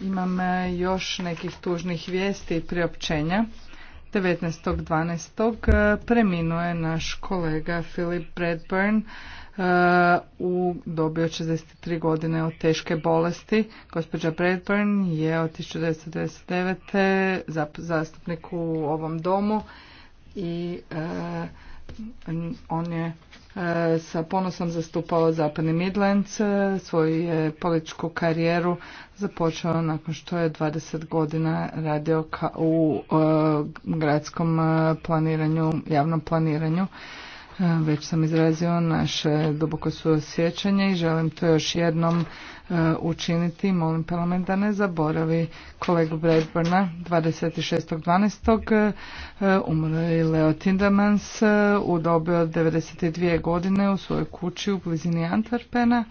Imam e, još nekih tužnih vijesti i priopćenja. 19.12. E, preminuo je naš kolega Philip Bradburn e, u dobi od 63 godine od teške bolesti. Gospođa Bradburn je od 1999. zastupnik u ovom domu i on je sa ponosom zastupao Zapadni Midlands. E, svoju je političku karijeru započeo nakon što je 20 godina radio u e, gradskom e, planiranju, javnom planiranju E, već sam izrazio naše duboko suosjećanje i želim to još jednom e, učiniti. Molim parlament da ne zaboravi kolegu Bradburna 26.12. E, umro je Leo Tindermans u dobi od 92 godine u svojoj kući u blizini Antwerpena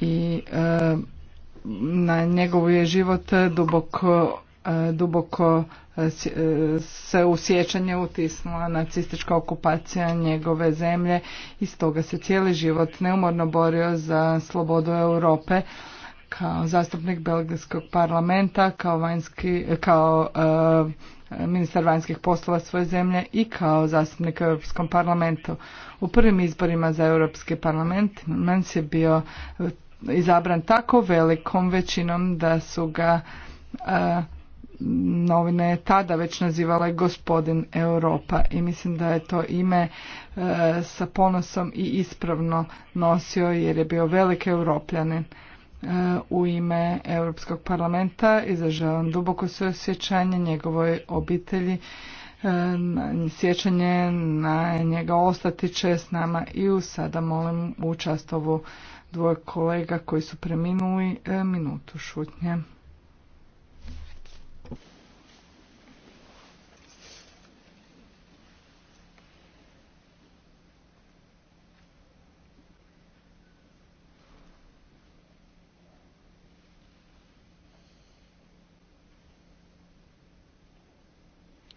i na njegovu je život duboko E, duboko e, e, se u sjećanje utisnula nacistička okupacija njegove zemlje i stoga se cijeli život neumorno borio za slobodu Europe kao zastupnik Belgijskog parlamenta, kao, vanjski, kao ministar vanjskih poslova svoje zemlje i kao zastupnik u Europskom parlamentu. U prvim izborima za Europski parlament Mans je bio izabran tako velikom većinom da su ga novine je tada već nazivala gospodin Europa i mislim da je to ime e, sa ponosom i ispravno nosio jer je bio velik europljanin. E, u ime Europskog parlamenta izražavam duboko osjećanje njegovoj obitelji e, sjećanje na njega ostati će s nama i u sada molim u častovu dvoje kolega koji su preminuli minutu šutnje.